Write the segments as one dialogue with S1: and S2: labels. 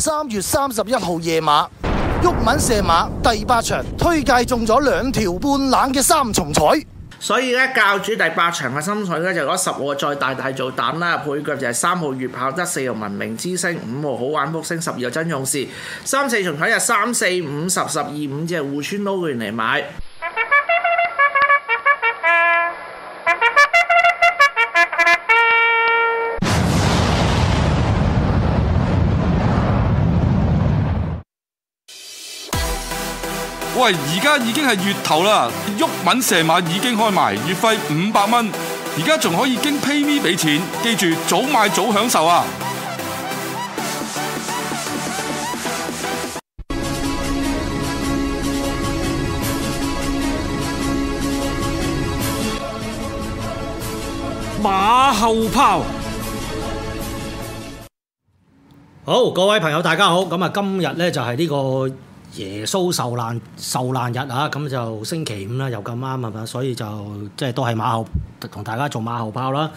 S1: 三月三十一號夜馬，毓民射馬第八場推介中咗兩條半冷嘅三重彩，所以咧教主第八場嘅三重彩咧就攞十號再大大做膽啦，配腳就係三號月炮得四號文明之星，五號好玩福星，十二號真勇士，三四重彩就三四五十十二五隻互穿撈完嚟買。 喂，而家已經係月頭啦，毓民射馬已經開埋，月費五百蚊，而家仲可以經 PayMe 俾錢，記住早買早享受啊！馬後炮，好，各位朋友大家好，咁啊，今日呢就係呢、這個。耶穌受難受難日啊，咁就星期五啦，又咁啱係嘛，所以就即係都係馬後同大家做馬後炮啦。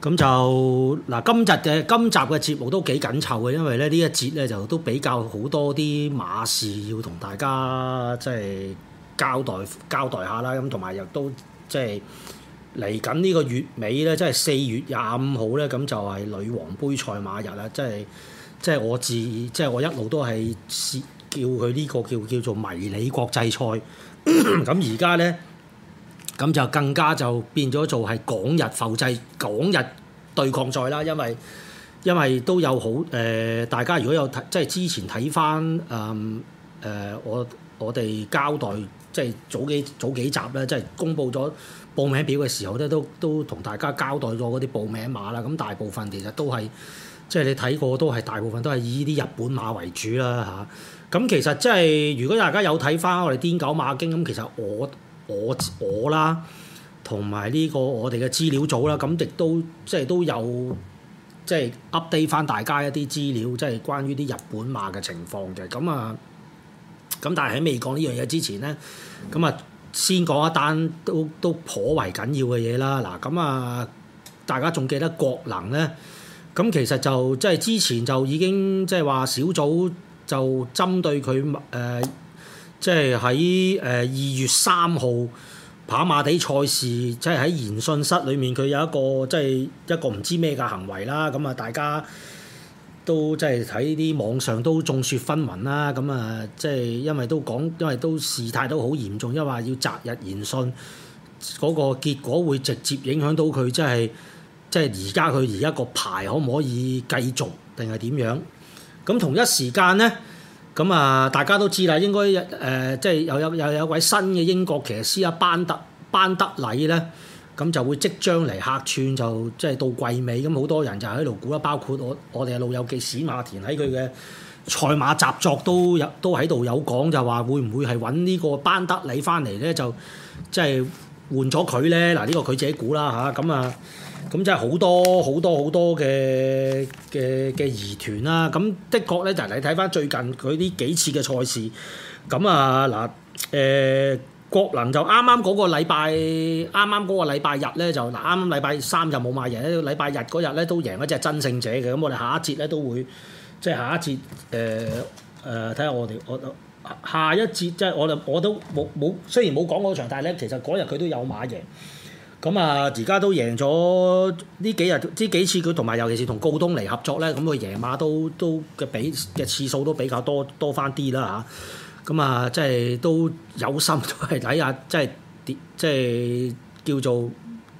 S1: 咁、啊、就嗱、啊，今日嘅今集嘅節目都幾緊湊嘅，因為咧呢一節咧就都比較好多啲馬事要同大家即係交代交代下啦。咁同埋又都即係嚟緊呢個月尾咧，即係四月廿五號咧，咁就係、係、女王杯賽馬日啊！即係即係我自即係我一路都係叫佢呢個叫叫做迷你國際賽，咁而家呢，咁就更加就變咗做係港日浮製港日對抗賽啦，因為因為都有好誒、呃，大家如果有睇即係之前睇返誒誒，我我哋交代即係早幾早幾集咧，即係公布咗。報名表嘅時候咧，都都同大家交代過嗰啲報名碼啦。咁大部分其實都係，即係你睇過都係大部分都係以呢啲日本馬為主啦嚇。咁其實即係，如果大家有睇翻我哋癲狗馬經，咁其實我我我啦，同埋呢個我哋嘅資料組啦，咁亦都即係都有即係 update 翻大家一啲資料，即係關於啲日本馬嘅情況嘅。咁啊，咁但係喺未講呢樣嘢之前咧，咁啊。先講一單都都頗為緊要嘅嘢啦，嗱咁啊，大家仲記得國能咧？咁其實就即係之前就已經即係話小組就針對佢誒，即係喺誒二月三號跑馬地賽事，即係喺言訊室裏面，佢有一個即係、就是、一個唔知咩嘅行為啦，咁啊大家。都即係喺啲網上都眾說紛紜啦，咁啊即係因為都講，因為都事態都好嚴重，因為話要擇日言訊，嗰、那個結果會直接影響到佢，即係即係而家佢而家個牌可唔可以繼續，定係點樣？咁同一時間咧，咁啊大家都知啦，應該誒即係又有又有，有一位新嘅英國騎師啊，班德班德禮咧。咁就會即將嚟客串，就即係到季尾咁，好多人就喺度估啦。包括我，我哋老友記史馬田喺佢嘅賽馬習作都有，都喺度有講，就話會唔會係搵呢個班德里翻嚟咧？就即係換咗佢咧。嗱，呢個佢自己估啦嚇。咁啊，咁即係好多好多好多嘅嘅嘅疑團啦。咁的，的，的確咧，就你睇翻最近佢呢幾次嘅賽事，咁啊嗱，誒、啊。欸國能就啱啱嗰個禮拜，啱啱嗰個禮拜日咧就啱啱禮拜三就冇買贏，禮拜日嗰日咧都贏一隻真勝者嘅，咁、嗯、我哋下一節咧都會，即係下一節誒誒睇下我哋我下一節即係、就是、我哋我都冇冇，雖然冇講嗰場，但係咧其實嗰日佢都有買贏，咁啊而家都贏咗呢幾日，呢幾次佢同埋尤其是同高東尼合作咧，咁、嗯、佢贏馬都都嘅比嘅次數都比較多多翻啲啦嚇。啊咁啊，即係、嗯、都有心，都係睇下，即係即係叫做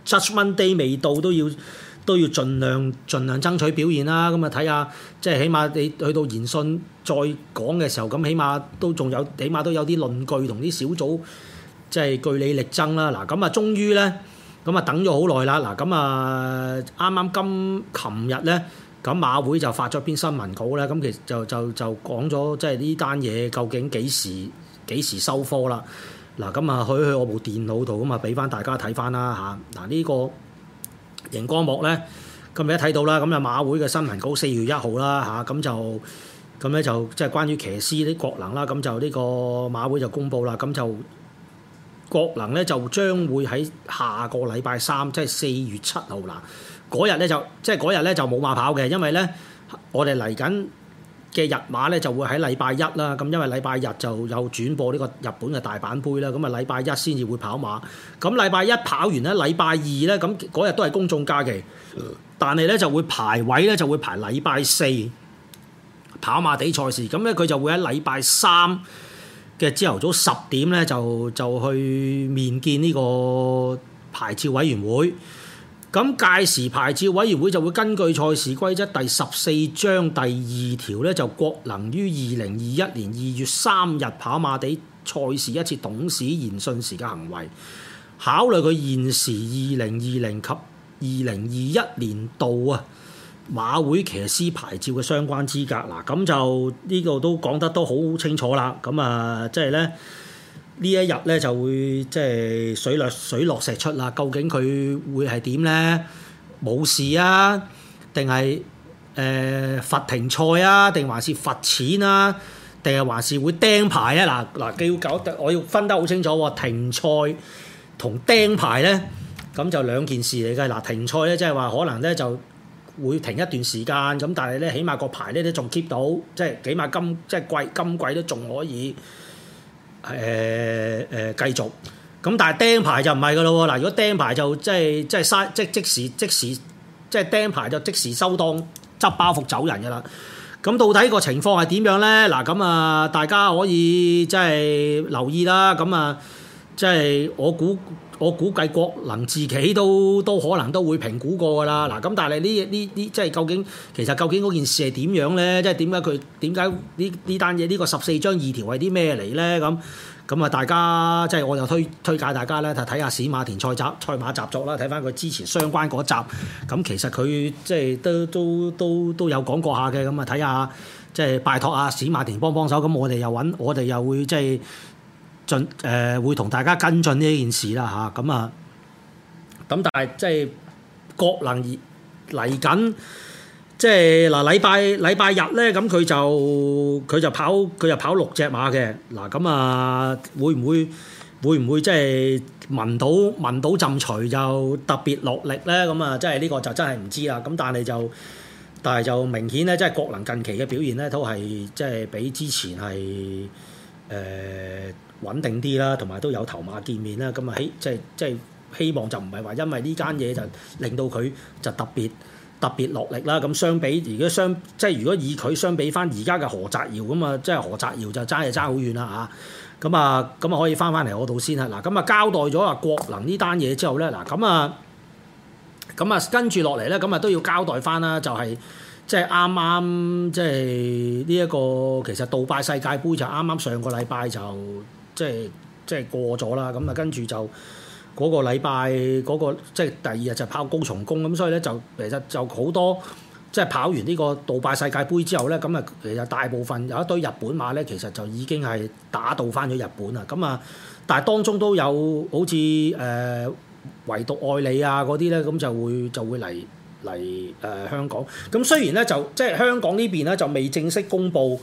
S1: Judgment Day 未到，都要都要盡量盡量爭取表現啦。咁、嗯、啊，睇下即係起碼你去到言信再講嘅時候，咁起碼都仲有，起碼都有啲論據同啲小組即係據理力爭啦。嗱、嗯，咁啊，終於咧，咁啊等咗好耐啦。嗱、嗯，咁啊啱啱今琴日咧。咁馬會就發咗篇新聞稿咧，咁其實就就就講咗，即係呢單嘢究竟幾時幾時收科啦。嗱，咁啊去去我部電腦度，咁啊俾翻大家睇翻啦嚇。嗱，呢個熒光幕咧，今日一睇到啦，咁啊馬會嘅新聞稿四月一號啦嚇，咁就咁咧就即係關於騎師啲國能啦，咁就呢個馬會就公佈啦，咁就國能咧就將會喺下個禮拜三，即係四月七號啦。嗰日咧就即係嗰日咧就冇馬跑嘅，因為咧我哋嚟緊嘅日馬咧就會喺禮拜一啦，咁因為禮拜日就有轉播呢個日本嘅大阪杯啦，咁啊禮拜一先至會跑馬，咁禮拜一跑完咧，禮拜二咧咁嗰日都係公眾假期，但係咧就會排位咧就會排禮拜四跑馬地賽事，咁咧佢就會喺禮拜三嘅朝頭早十點咧就就去面見呢個牌照委員會。咁屆時牌照委員會就會根據賽事規則第十四章第二條咧，就國能於二零二一年二月三日跑馬地賽事一次董事研訊時嘅行為，考慮佢現時二零二零及二零二一年度啊馬會騎師牌照嘅相關資格。嗱、啊，咁就呢個都講得都好清楚啦。咁啊，即係咧。呢一日咧就會即係水落水落石出啦，究竟佢會係點咧？冇事啊？定係誒罰停賽啊？定還是罰錢啊？定係還是會釘牌啊？嗱嗱，佢要搞，我要分得好清楚喎。停賽同釘牌咧，咁就兩件事嚟嘅。嗱，停賽咧即係話可能咧就會停一段時間，咁但係咧起碼個牌咧都仲 keep 到，即係起碼今即係季今季都仲可以。誒誒、呃呃、繼續，咁但係釘牌就唔係噶咯喎！嗱，如果釘牌就即係即係嘥，即即時即時，即係釘牌就即時收檔，執包袱走人噶啦。咁到底個情況係點樣咧？嗱，咁啊大家可以即係留意啦。咁啊～即係我估，我估計國能自己都都可能都會評估過㗎啦。嗱，咁但係呢呢呢，即係究竟其實究竟嗰件事係點樣咧？即係點解佢點解呢呢單嘢呢個十四章二條係啲咩嚟咧？咁咁啊，大家即係我又推推介大家咧，就睇下史馬田賽集賽馬雜作啦，睇翻佢之前相關嗰集。咁其實佢即係都都都都有講過下嘅。咁啊，睇下即係拜託啊史馬田幫幫手。咁我哋又揾我哋又會即係。進誒會同大家跟進呢件事啦嚇，咁啊，咁但係即係國能嚟緊，即係嗱禮拜禮拜日咧，咁佢就佢就跑佢就跑六隻馬嘅，嗱咁啊，會唔會會唔會即係聞到聞到陣除就特別落力咧？咁啊，即係呢個就真係唔知啦。咁但係就但係就明顯咧，即係國能近期嘅表現咧，都係即係比之前係誒。呃穩定啲啦，同埋都有頭馬見面啦，咁啊，即係即係希望就唔係話因為呢間嘢就令到佢就特別特別落力啦。咁相比如果相即係如果以佢相比翻而家嘅何澤耀咁啊，即係何澤耀就爭就爭好遠啦嚇。咁啊咁啊可以翻翻嚟我度先啦。嗱咁啊交代咗啊國能呢單嘢之後呢。嗱咁啊咁啊跟住落嚟呢，咁啊都要交代翻啦，就係即係啱啱即係呢一個其實杜拜世界盃就啱啱上個禮拜就。即係即係過咗啦，咁啊跟住就嗰、那個禮拜嗰、那個即係第二日就跑高松宮。咁、嗯，所以咧就其實就好多即係跑完呢個杜拜世界盃之後咧，咁、嗯、啊其實大部分有一堆日本馬咧，其實就已經係打道翻咗日本啊！咁、嗯、啊，但係當中都有好似誒、呃、唯獨愛你啊嗰啲咧，咁、嗯、就會就會嚟嚟誒香港。咁、嗯、雖然咧就即係香港呢邊咧就未正式公布。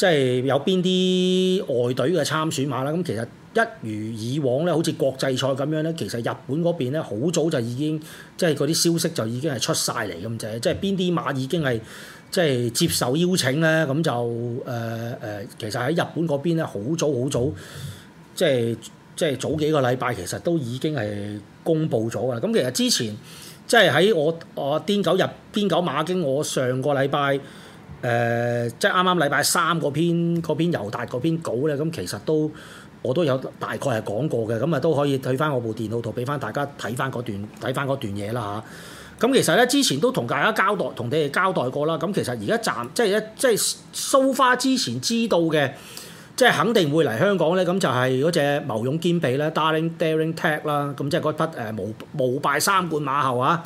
S1: 即係有邊啲外隊嘅參選馬啦？咁其實一如以往咧，好似國際賽咁樣咧，其實日本嗰邊咧，好早就已經即係嗰啲消息就已經係出晒嚟咁滯。即係邊啲馬已經係即係接受邀請咧？咁就誒誒、呃，其實喺日本嗰邊咧，好早好早，即係即係早幾個禮拜，其實都已經係公布咗㗎啦。咁其實之前即係喺我啊，我癲狗入癲狗馬經，我上個禮拜。誒、呃，即係啱啱禮拜三嗰篇嗰篇尤達嗰篇稿咧，咁其實都我都有大概係講過嘅，咁啊都可以睇翻我部電腦圖，俾翻大家睇翻嗰段睇翻嗰段嘢啦吓，咁、啊、其實咧之前都同大家交代，同你哋交代過啦。咁其實而家暫即係一即係收花之前知道嘅，即係肯定會嚟香港咧。咁就係嗰隻謀勇兼備啦，Daring Daring Tact 啦，咁即係嗰筆誒無無敗三冠馬後啊！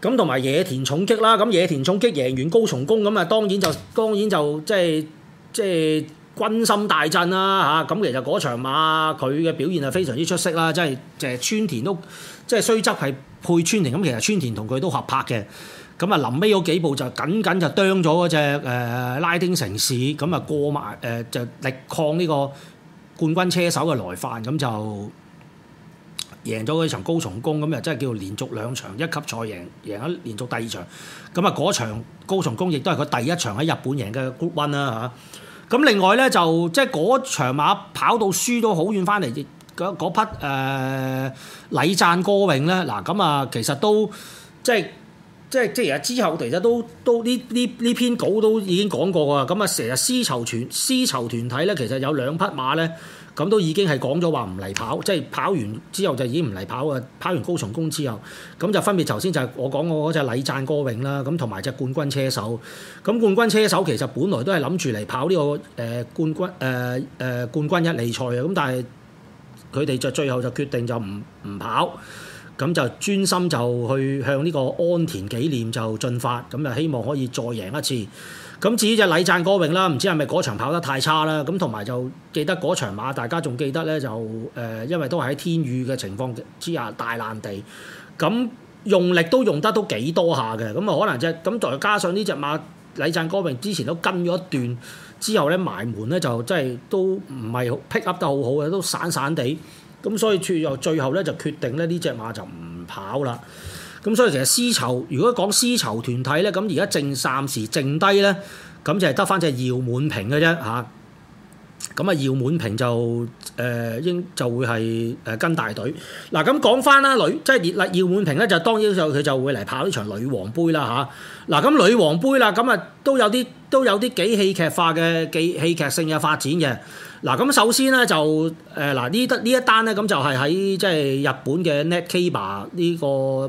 S1: 咁同埋野田重擊啦，咁野田重擊贏完高松宮咁啊，當然就當然就即係即係軍心大振啦嚇。咁、啊、其實嗰場馬佢嘅表現係非常之出色啦，即係誒川田都即係雖則係配川田，咁其實川田同佢都合拍嘅。咁啊臨尾嗰幾步就緊緊就啄咗嗰隻誒拉丁城市，咁、嗯、啊過埋誒、呃、就力抗呢個冠軍車手嘅來犯，咁、嗯、就。贏咗嗰場高松宮咁又真係叫做連續兩場一級賽贏贏咗連續第二場，咁啊嗰場高松宮亦都係佢第一場喺日本贏嘅冠軍啦嚇。咁另外咧就即係嗰場馬跑到輸到好遠翻嚟，嗰匹誒禮讚歌泳咧嗱，咁啊其實都即係即係即係其實之後其實都都呢呢呢篇稿都已經講過噶啦。咁啊成日絲綢團絲綢團體咧，其實有兩匹馬咧。咁都已經係講咗話唔嚟跑，即係跑完之後就已經唔嚟跑啊！跑完高松宮之後，咁就分別頭先就係我講過嗰隻李湛過泳啦，咁同埋隻冠軍車手。咁冠軍車手其實本來都係諗住嚟跑呢、這個誒、呃、冠軍誒誒、呃、冠軍一哩賽嘅，咁但係佢哋就最後就決定就唔唔跑，咁就專心就去向呢個安田紀念就進發，咁就希望可以再贏一次。咁至於隻禮讚歌榮啦，唔知係咪嗰場跑得太差啦？咁同埋就記得嗰場馬，大家仲記得咧就誒、呃，因為都係喺天雨嘅情況之下大爛地，咁用力都用得都幾多下嘅，咁啊可能啫。咁再加上呢隻馬禮讚歌榮之前都跟咗一段之後咧埋門咧就真係都唔係 pick up 得好好嘅，都散散地。咁所以最後最咧就決定咧呢隻馬就唔跑啦。咁所以其實絲綢，如果講絲綢團體咧，咁而家淨暫時淨低咧，咁就係得返隻姚滿屏嘅啫嚇。咁啊，姚滿平就誒應、呃、就會係誒跟大隊。嗱、啊，咁講翻啦，女即係熱啦。姚滿平咧就當然就佢就會嚟跑呢場女王杯啦吓，嗱、啊，咁、啊嗯、女王杯啦，咁啊都有啲都有啲幾戲劇化嘅幾戲劇性嘅發展嘅。嗱、啊，咁、嗯、首先咧就誒嗱呢得呢一單咧，咁就係喺即係日本嘅 netkeiba 呢個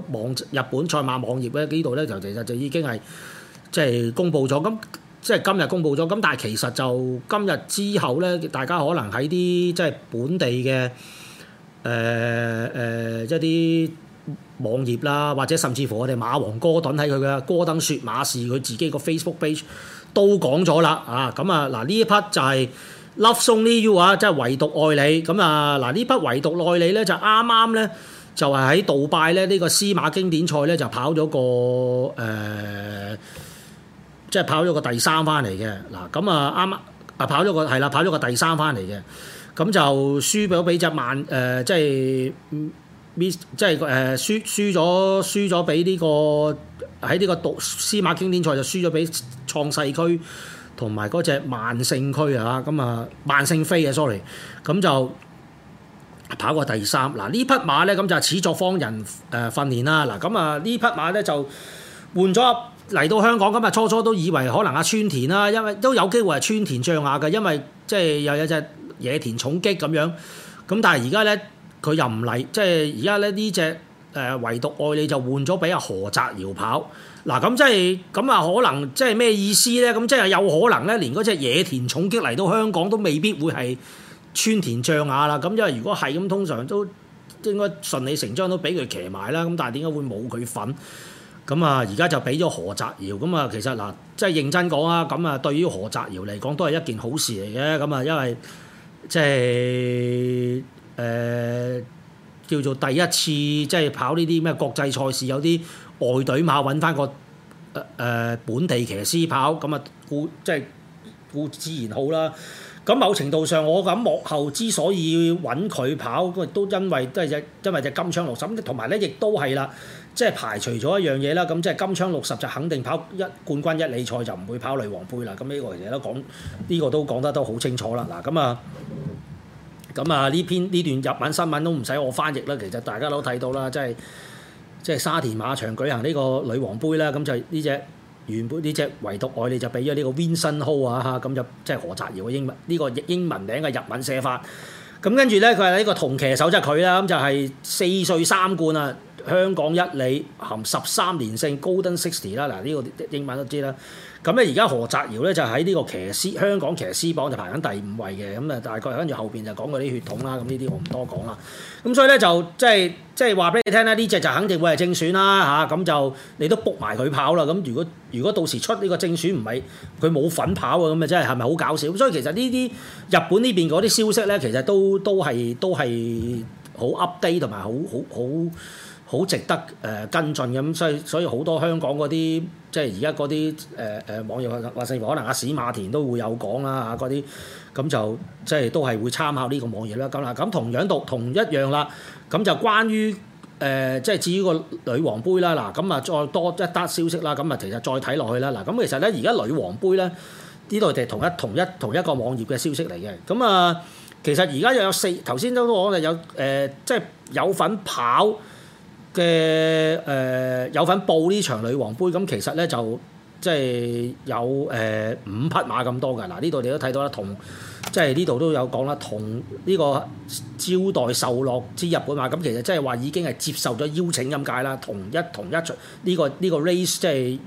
S1: 網日本賽馬網頁咧，呢度咧就其實就已經係即係公布咗咁。嗯。即係今日公布咗，咁但係其實就今日之後咧，大家可能喺啲即係本地嘅誒誒，即係啲網頁啦，或者甚至乎我哋馬王哥頓喺佢嘅哥登雪馬士，佢自己個 Facebook page 都講咗啦啊！咁啊嗱，呢一匹就係 Loves Only You 啊，即係唯獨愛你。咁啊嗱，呢匹唯獨愛你咧，就啱啱咧就係喺杜拜咧呢個司馬經典賽咧就跑咗個誒。呃即係跑咗個第三翻嚟嘅，嗱咁啊啱啱啊跑咗個係啦，跑咗個第三翻嚟嘅，咁就輸咗俾隻萬誒，即係 miss，即係誒輸輸咗輸咗俾呢個喺呢個讀司馬經典賽就輸咗俾創世區同埋嗰隻萬勝區啊，咁啊萬勝飛啊，sorry，咁就跑過第三，嗱呢匹馬咧咁就始作荒人誒訓練啦，嗱咁啊呢匹馬咧就換咗。嚟到香港咁啊，初初都以為可能阿川田啦，因為都有機會係川田將雅嘅，因為即係又有一隻野田重擊咁樣。咁但係而家咧，佢又唔嚟。即係而家咧呢隻誒唯獨愛你就換咗俾阿何澤堯跑嗱。咁即係咁啊，可能即係咩意思咧？咁即係有可能咧，連嗰隻野田重擊嚟到香港都未必會係川田將雅啦。咁因為如果係咁，通常都應該順理成章都俾佢騎埋啦。咁但係點解會冇佢份？咁啊，而家就俾咗何澤堯。咁啊，其實嗱，即係認真講啊，咁啊，對於何澤堯嚟講都係一件好事嚟嘅。咁啊，因為即係誒、呃、叫做第一次即係跑呢啲咩國際賽事，有啲外隊馬揾翻個誒、呃、本地騎師跑，咁啊，固即係固自然好啦。咁某程度上，我諗幕後之所以揾佢跑，都因為都係只因為隻金槍六十，同埋咧亦都係啦。即係排除咗一樣嘢啦，咁即係金槍六十就肯定跑一冠軍一哩賽就唔會跑女王杯啦。咁、呢、呢個其實都講呢、呢個都講得都好清楚啦。嗱，咁啊，咁啊呢篇呢段日文新聞都唔使我翻譯啦。其實大家都睇到啦，即係即係沙田馬場舉行呢個女王杯啦。咁就呢隻原本呢隻唯獨愛麗就俾咗呢個 Vincent Ho 啊嚇，咁就即係何澤堯嘅英文呢、呢個英文名嘅日文寫法。咁跟住咧，佢係呢個同騎手即係佢啦，咁就係四歲三冠啊。香港一李含十三連勝 Golden Sixty 啦，嗱呢個英文都知啦。咁咧而家何澤堯咧就喺呢個騎師，香港騎師榜就排緊第五位嘅，咁啊大概跟住後邊就講佢啲血統啦，咁呢啲我唔多講啦。咁所以咧就即係即係話俾你聽啦。呢隻就肯定會係正選啦吓，咁就你都 book 埋佢跑啦。咁如果如果到時出呢個正選唔係佢冇份跑喎，咁啊真係係咪好搞笑？咁所以其實呢啲日本呢邊嗰啲消息咧，其實都都係都係好 update 同埋好好好。好值得誒、呃、跟進咁，所以所以好多香港嗰啲即係而家嗰啲誒誒網頁或者，可能阿、啊、史馬田都會有講啦嚇嗰啲咁就即係都係會參考呢個網頁啦。咁啦，咁同樣到同一樣啦，咁就關於誒、呃、即係至於個女王杯啦嗱，咁啊再多一則消息啦，咁啊其實再睇落去啦嗱，咁其實咧而家女王杯咧呢度係同一同一同一個網頁嘅消息嚟嘅，咁啊，其實而家又有四頭先都講嘅有誒、呃，即係有份跑。嘅誒、呃、有份報呢場女王杯咁，其實咧就即係、就是、有誒、呃、五匹馬咁多㗎嗱，呢度你都睇到啦，同即係呢度都有講啦，同呢個招待受落之日本馬咁，其實即係話已經係接受咗邀請咁解啦。同一同一場呢、這個呢、這個 race 即係誒、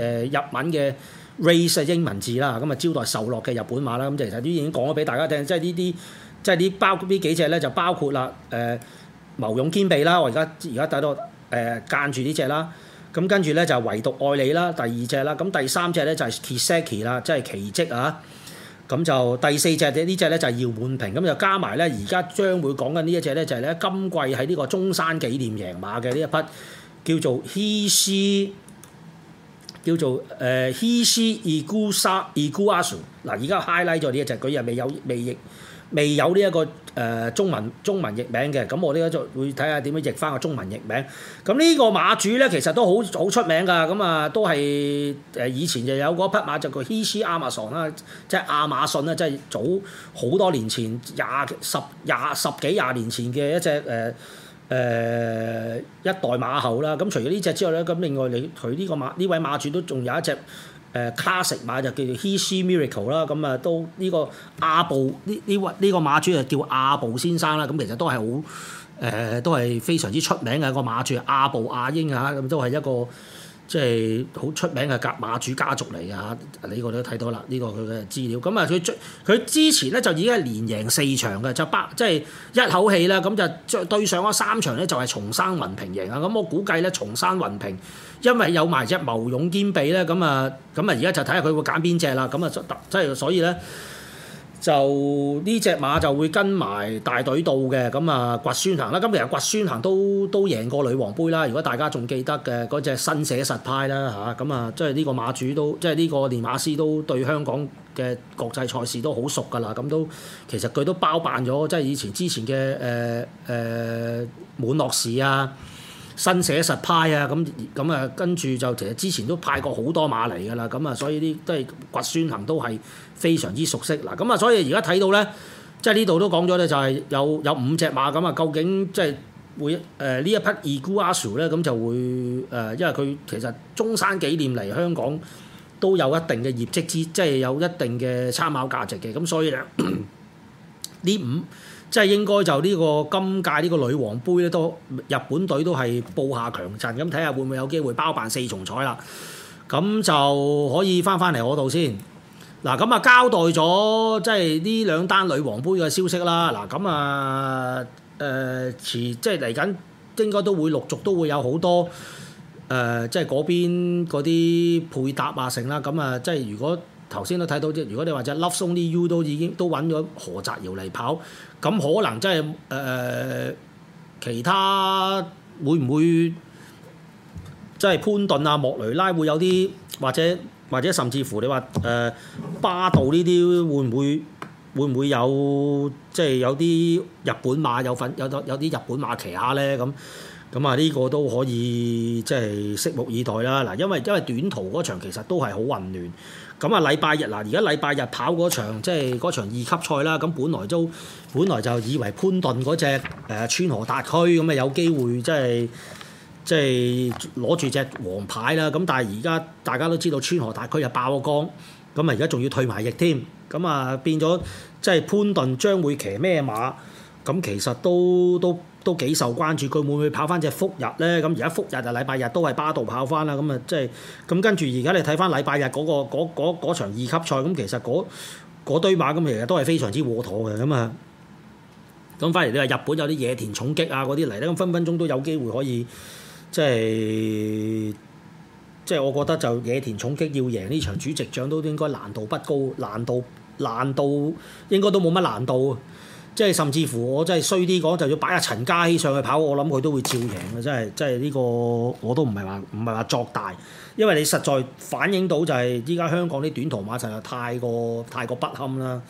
S1: 呃、日文嘅 race 啊，英文字啦，咁啊招待受落嘅日本馬啦，咁其實都已經講咗俾大家聽，即係呢啲即係呢包括呢幾隻咧就包括啦誒。呃謀勇兼備啦，我而家而家睇到誒、呃、間住呢隻啦，咁跟住咧就唯獨愛你啦，第二隻啦，咁第三隻咧就係 Kiseki 啦，即係奇蹟啊！咁就第四隻呢？呢隻咧就係姚滿平，咁就加埋咧，而家將會講緊呢一隻咧就係咧今季喺呢個中山紀念贏馬嘅呢一匹叫做希斯叫做誒希斯 Iguasa Iguazu。嗱，而家 highlight 咗呢一隻，佢又未有未有譯。未有呢、這、一個誒、呃、中文中文譯名嘅，咁我呢個就會睇下點樣譯返個中文譯名。咁呢個馬主咧，其實都好好出名㗎。咁啊，都係誒、呃、以前就有嗰匹馬就叫希斯亞馬遜啦，即係亞馬遜啦，即係早好多年前廿十廿十,十幾廿年前嘅一隻誒誒、呃呃、一代馬后啦。咁除咗呢隻之外咧，咁另外你佢呢個馬呢位馬主都仲有一隻。誒卡石馬就叫做 Hishi Miracle 啦，咁啊都呢、這個阿部呢呢呢個馬主就叫阿部先生啦，咁其實都係好誒，都係非常之出名嘅一個馬主阿部阿英啊，咁都係一個。即係好出名嘅駙馬主家族嚟㗎吓，呢、這個都睇到啦。呢、這個佢嘅資料，咁啊佢佢之前咧就已經係連贏四場嘅，即係八即係一口氣啦。咁就對上嗰三場咧就係重山雲平贏啊。咁我估計咧重山雲平因為有埋隻謀勇兼備咧，咁啊咁啊而家就睇下佢會揀邊隻啦。咁啊即係所以咧。就呢隻馬就會跟埋大隊到嘅，咁、嗯、啊，掘孫行啦！今日掘孫行都都贏過女王杯啦，如果大家仲記得嘅嗰隻新寫實派啦吓，咁啊，嗯、即係呢個馬主都，即係呢個練馬師都對香港嘅國際賽事都好熟㗎啦，咁、嗯、都其實佢都包辦咗，即係以前之前嘅誒誒滿諾士啊。新寫實派啊，咁咁啊，跟住就其實之前都派過好多馬嚟㗎啦，咁啊，所以呢，都係掘孫行都係非常之熟悉嗱，咁啊，所以而家睇到咧，即係呢度都講咗咧，就係有有五隻馬咁啊，究竟即係會誒呢、呃、一匹二姑阿 a s u 咧，咁就會誒、呃，因為佢其實中山紀念嚟香港都有一定嘅業績之，即係有一定嘅參考價值嘅，咁所以咧呢 五。即係應該就呢個今屆呢個女王杯咧，都日本隊都係布下強陣，咁睇下會唔會有機會包辦四重彩啦？咁就可以翻翻嚟我度先。嗱，咁啊交代咗即係呢兩單女王杯嘅消息啦。嗱，咁啊誒，遲即係嚟緊應該都會陸續都會有好多誒，即係嗰邊嗰啲配搭啊，成啦。咁啊，即係如果。頭先都睇到啫，如果你話就 Love Song 啲 U 都已經都揾咗何澤堯嚟跑，咁可能真係誒其他會唔會即係、就是、潘頓啊、莫雷拉會有啲，或者或者甚至乎你話誒、呃、巴度呢啲會唔會會唔會有即係、就是、有啲日本馬有份有有啲日本馬騎下咧咁，咁啊呢個都可以即係、就是、拭目以待啦。嗱，因為因為短途嗰場其實都係好混亂。咁啊，禮拜日嗱，而家禮拜日跑嗰場，即係嗰場二級賽啦。咁本來都本來就以為潘頓嗰隻誒、啊、川河達區咁啊，有機會即係即係攞住隻黃牌啦。咁但係而家大家都知道川河達區就爆咗光，咁啊而家仲要退埋役添。咁啊變咗即係潘頓將會騎咩馬？咁其實都都都幾受關注，佢會唔會跑翻隻復日呢？咁而家復日就禮拜日都係巴度跑翻啦。咁啊、就是，即係咁跟住而家你睇翻禮拜日嗰、嗰個嗰場二級賽，咁其實嗰堆馬咁其實都係非常之渦妥嘅。咁啊，咁翻嚟你話日本有啲野田重擊啊嗰啲嚟呢，咁分分鐘都有機會可以即係即係我覺得就野田重擊要贏呢場主席獎都應該難度不高，難度難度，難度應該都冇乜難度。即係甚至乎我真係衰啲講，就要擺阿陳家希上去跑，我諗佢都會照贏嘅。真係真係呢個我都唔係話唔係話作大，因為你實在反映到就係依家香港啲短途馬實在太過太過不堪啦。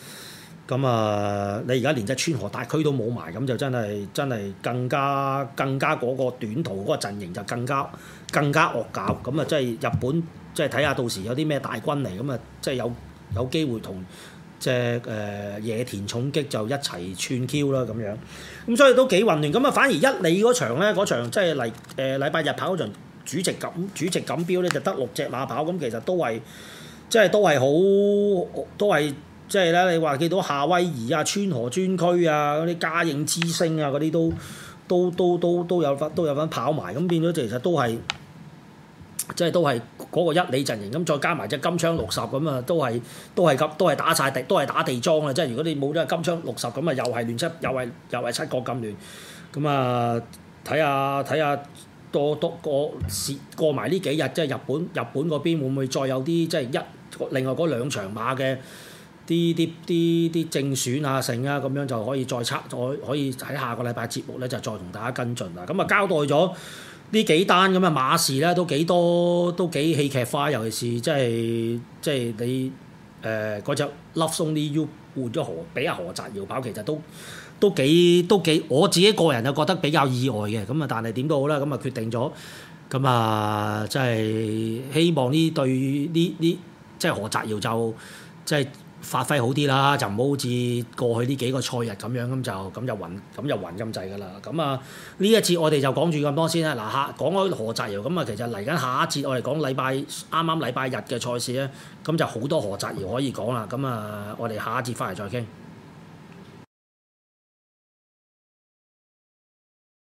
S1: 咁啊，你而家連隻川河大區都冇埋，咁就真係真係更加更加嗰個短途嗰個陣營就更加更加惡搞。咁啊，即係日本即係睇下到時有啲咩大軍嚟，咁啊，即係有有機會同。只誒、呃、野田重擊就一齊串 Q 啦咁樣，咁、嗯、所以都幾混亂。咁啊，反而一你嗰場咧，嗰場即係禮誒、呃、禮拜日跑嗰場主席錦主席錦標咧，就得六隻馬跑，咁、嗯、其實都係即係都係好都係即係咧。你話見到夏威夷啊、川河專區啊、嗰啲嘉應之星啊嗰啲都都都都都都有份都有份跑埋，咁、嗯、變咗其實都係。即係都係嗰個一李陣型，咁再加埋隻金槍六十咁啊，都係都係金都係打晒地都係打地莊啊！即係如果你冇咗金槍六十咁啊，又係亂七又係又係七國咁亂咁啊！睇下睇下多多過過埋呢幾日，即係日本日本嗰邊會唔會再有啲即係一另外嗰兩場馬嘅啲啲啲啲正選啊剩啊咁樣就可以再測，可可以喺下個禮拜節目咧就再同大家跟進啦。咁啊交代咗。呢幾單咁嘅馬事咧，都幾多都幾戲劇化，尤其是即係即係你誒嗰隻 Love Song You 換咗何俾阿何澤耀跑，其實都都幾都幾我自己個人就覺得比較意外嘅咁啊，但係點都好啦，咁啊決定咗咁啊，即係希望呢對呢呢即係何澤耀就即係。即係發揮好啲啦，就唔好好似過去呢幾個賽日咁樣咁就咁就暈咁就暈咁滯㗎啦。咁啊呢一次我哋就講住咁多先啦。嗱、啊，講開何澤堯咁啊，其實嚟緊下，下一節我哋講禮拜啱啱禮拜日嘅賽事咧，咁就好多何澤堯可以講啦。咁啊，我哋下一節返嚟再傾。